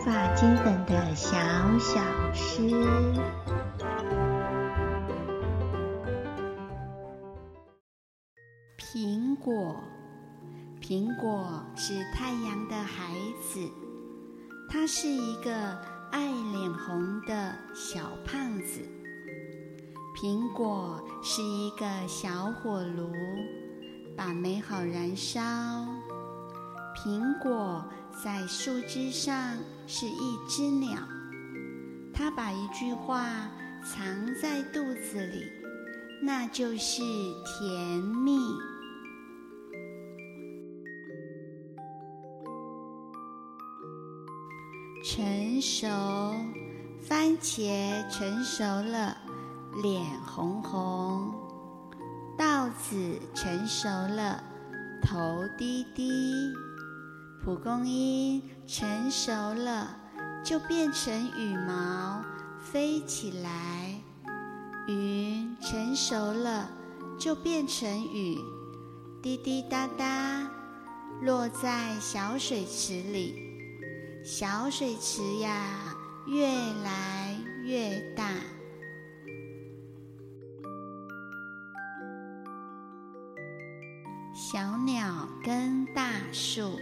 法金粉的小小詩。蘋果，蘋果是太陽的孩子，它是一個愛臉紅的小胖子。蘋果是一個小火爐，把美好燃燒。蘋果。在樹枝上是一隻鳥，它把一句話藏在肚子裡，那就是甜蜜。成熟，番茄成熟了，臉紅紅；稻子成熟了，頭低低。蒲公英成熟了，就變成羽毛，飛起來；雲成熟了，就變成雨，滴滴答答，落在小水池裡。小水池呀，越來越大。小鳥跟大樹。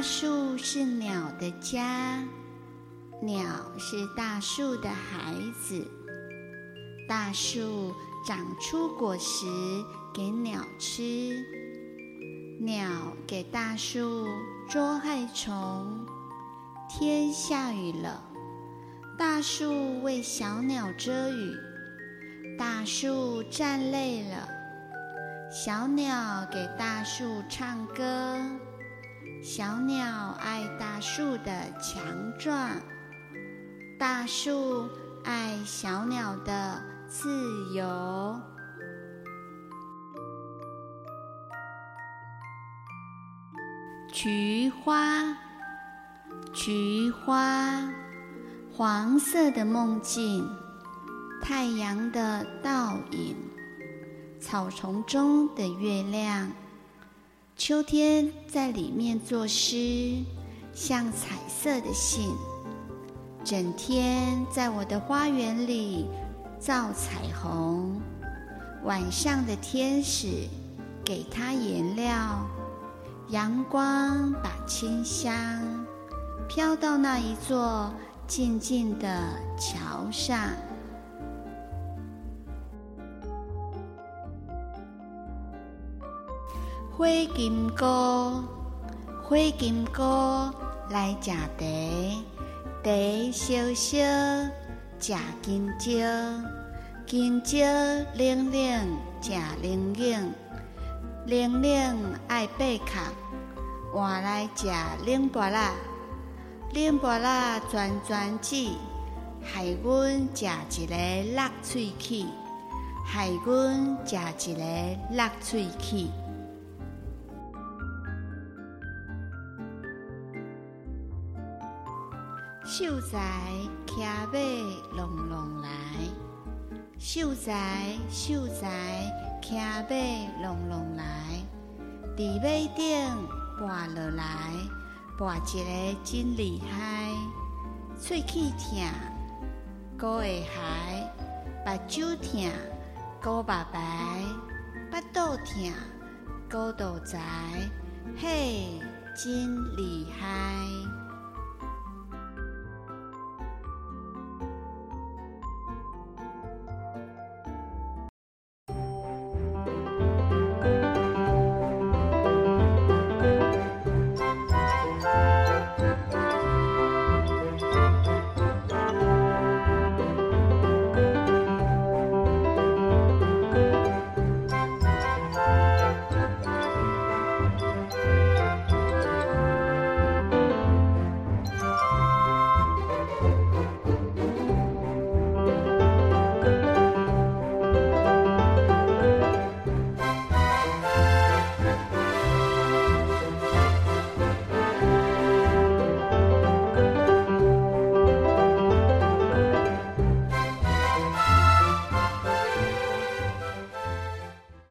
大樹是鳥的家，鳥是大樹的孩子。大樹長出果實給鳥吃，鳥給大樹捉害蟲。天下雨了，大樹為小鳥遮雨。大樹站累了，小鳥給大樹唱歌。小鳥愛大樹的強壯，大樹愛小鳥的自由。菊花，菊花，黃色的夢境，太陽的倒影，草叢中的月亮。秋天在裡面作詩，像彩色的信。整天在我的花園裡造彩虹。晚上的天使給他顏料，陽光把清香飄到那一座靜靜的橋上。火金姑，火金姑來食茶，茶燒燒，食金蕉，金蕉,蕉,蕉冷冷,冷,冷,冷,冷,冷,冷，食冷飲，冷冷愛白客，換來食冷波拉，冷波拉串串子，害阮食一個落喙齒，害阮食一個落喙齒。秀才騎馬隆隆來，秀才秀才騎馬隆隆來，佇馬頂跌落來，跌一個真厲害。喙齒痛，高個海，目睭痛，高白白，巴肚痛，高肚仔，嘿，真厲害。